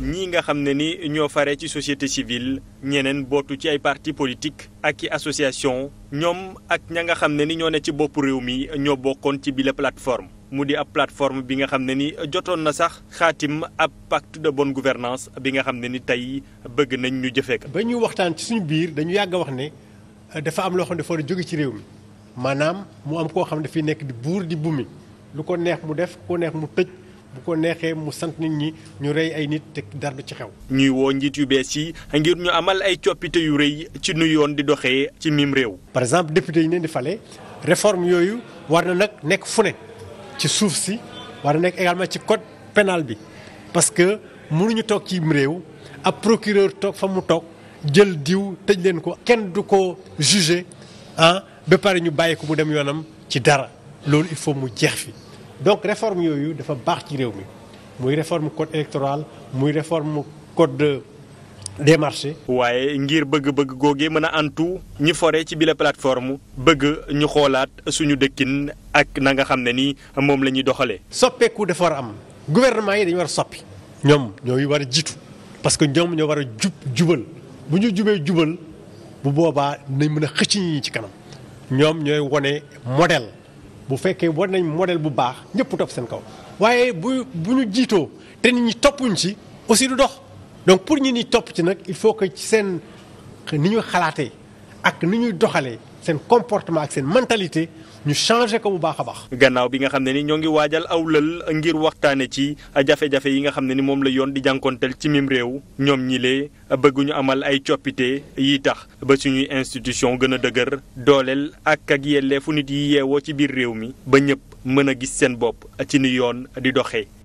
ñii nga xam ne ni ñoo fare ci société civile ñeneen bootu ci ay parti politique ak i association ñoom ak ña nga xam ne ni ñoo ne ci bopp réew mi ñoo bokkoon ci bile plateforme mu di ab plateforme bi nga xam ne ni jotoon na sax xaatim ab pacte de bonne gouvernance bi nga xam ne ni tey bëgg nañ ñu jëfee ko. ba ñuy waxtaan ci suñu biir dañu yàgg a wax ne euh, dafa am loo xam jóge ci réew mi maanaam mu am koo xam ne dafay nekk di buur di buumi lu ko neex mu def ko neex mu tëj. bu ko neexee mu sant nit ñi ñu rey ay nit te dara du ci xew. ñuy woo njiit yu bees yi ngir ñu amal ay coppite yu rëy ci nu yoon di doxee ci miim réew. par exemple député yu neen di fale réforme yooyu war na nag nekk fu ne ci suuf si war na nekk également ci code pénal bi parce que mënuñu toog ci mim réew ab procureur toog fa mu toog jël diw tëj leen ko kenn du ko jugé ah ba pare ñu bàyyi ko mu dem yoonam ci dara loolu il faut mu jeex fi. donc réforme yooyu dafa baax ci réew mi muy réforme code électoral muy réforme code de des marchés. waaye ngir bëgg-bëgg googee mën a antu ñi fore ci bile plateforme bëgg ñu xoolaat suñu dëkkin ak na nga xam ne ni moom la ñuy doxalee. soppeeku dafa war am gouvernement yi dañu war a soppi ñoom ñooy war a jiitu parce que ñoom ñoo war a jub jubal bu ñu jubee jubal bu boobaa nañ mën a xëcc ñi ci kanam ñoom ñooy wone modèle. bu fekkee war nañ model bu baax ñëpp topp seen kaw waaye bu bu ñu jiitoo te nit ñi toppuñ si aussi du dox donc pour ñi ni topp ci nag il faut que ci seen ni ñuy xalaatee ak ni ñuy doxalee seen comportement ak seen mentalité ñu changé ko bu baax a baax. gannaaw bi nga xam ne ni ñoo ngi waajal aw lël ngir waxtaane ci jafe-jafe yi nga xam ne ni moom la yoon di jànkonteel ci mim réew ñoom ñi lee bëgguñu amal ay coppite yi tax ba suñuy institution gën a dëgër dooleel ak ak yelleefu nit yi yeewoo ci biir réew mi ba ñëpp mën a gis seen bopp ci ni yoon di doxee.